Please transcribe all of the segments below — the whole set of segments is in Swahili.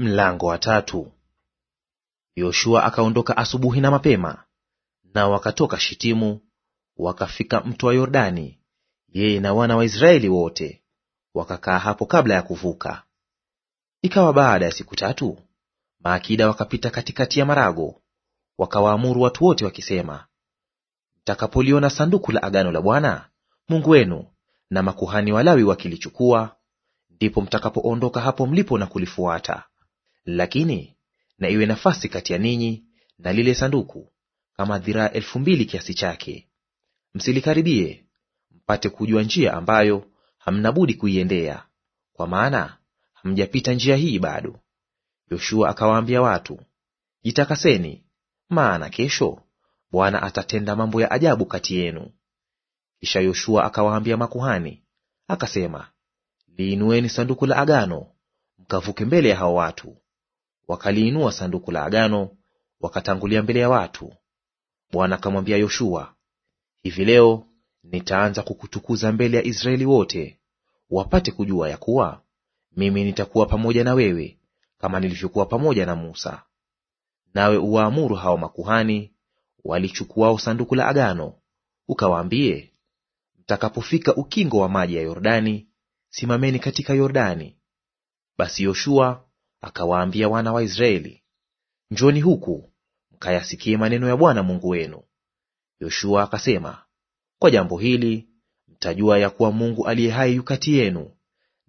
Mlango wa tatu. Yoshua akaondoka asubuhi na mapema, nao wakatoka Shitimu wakafika mto wa Yordani, yeye na wana wa Israeli wote, wakakaa hapo kabla ya kuvuka. Ikawa baada ya siku tatu, maakida wakapita katikati ya marago, wakawaamuru watu wote wakisema, mtakapoliona sanduku la agano la Bwana Mungu wenu na makuhani Walawi wakilichukua, ndipo mtakapoondoka hapo mlipo na kulifuata. Lakini na iwe nafasi kati ya ninyi na lile sanduku kama dhiraa elfu mbili kiasi chake. Msilikaribie mpate kujua njia ambayo hamna budi kuiendea, kwa maana hamjapita njia hii bado. Yoshua akawaambia watu, jitakaseni, maana kesho Bwana atatenda mambo ya ajabu kati yenu. Kisha Yoshua akawaambia makuhani akasema, liinueni sanduku la agano mkavuke mbele ya hao watu wakaliinua sanduku la agano, wakatangulia mbele ya watu. Bwana akamwambia Yoshua, hivi leo nitaanza kukutukuza mbele ya Israeli wote, wapate kujua ya kuwa mimi nitakuwa pamoja na wewe kama nilivyokuwa pamoja na Musa. Nawe uwaamuru hao makuhani walichukuao sanduku la agano, ukawaambie, mtakapofika ukingo wa maji ya Yordani, simameni katika Yordani. Basi Yoshua akawaambia wana wa Israeli, njoni huku mkayasikie maneno ya Bwana Mungu wenu. Yoshua akasema, kwa jambo hili mtajua ya kuwa Mungu aliye hai yukati yenu,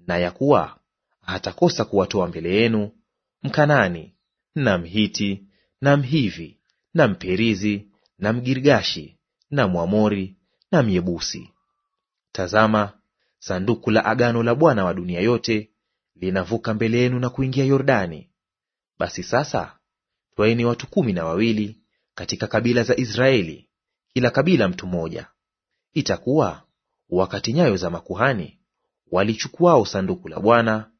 na ya kuwa hatakosa kuwatoa mbele yenu Mkanani na Mhiti na Mhivi na Mperizi na Mgirgashi na Mwamori na Myebusi. Tazama, sanduku la agano la Bwana wa dunia yote linavuka mbele yenu na kuingia Yordani. Basi sasa twaeni watu kumi na wawili katika kabila za Israeli, kila kabila mtu mmoja. Itakuwa wakati nyayo za makuhani walichukuao sanduku la Bwana,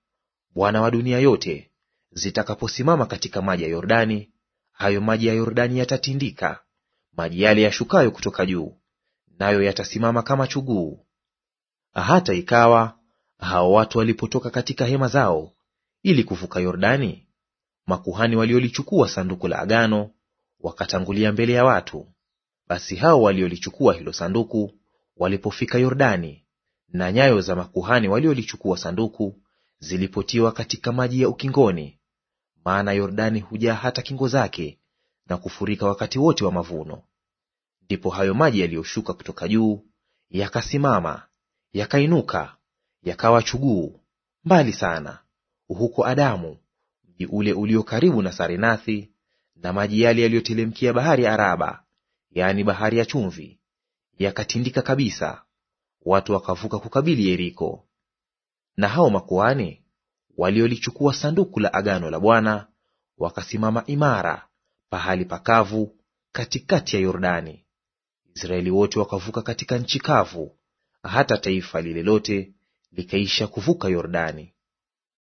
Bwana wa dunia yote, zitakaposimama katika maji ya Yordani, hayo maji ya Yordani yatatindika, maji yale yashukayo kutoka juu, nayo yatasimama kama chuguu. Hata ikawa hao watu walipotoka katika hema zao ili kuvuka Yordani, makuhani waliolichukua sanduku la agano wakatangulia mbele ya watu. Basi hao waliolichukua hilo sanduku walipofika Yordani, na nyayo za makuhani waliolichukua sanduku zilipotiwa katika maji ya ukingoni, maana Yordani hujaa hata kingo zake na kufurika wakati wote wa mavuno, ndipo hayo maji yaliyoshuka kutoka juu yakasimama, yakainuka yakawa chuguu mbali sana, huko Adamu, mji ule ulio karibu na Sarenathi, na maji yale yaliyotelemkia bahari ya Araba, yaani bahari ya chumvi, yakatindika kabisa, watu wakavuka kukabili Yeriko. Na hao makuhani waliolichukua sanduku la agano la Bwana wakasimama imara pahali pakavu katikati ya Yordani. Israeli wote wakavuka katika nchi kavu, hata taifa lile lote likaisha kuvuka Yordani.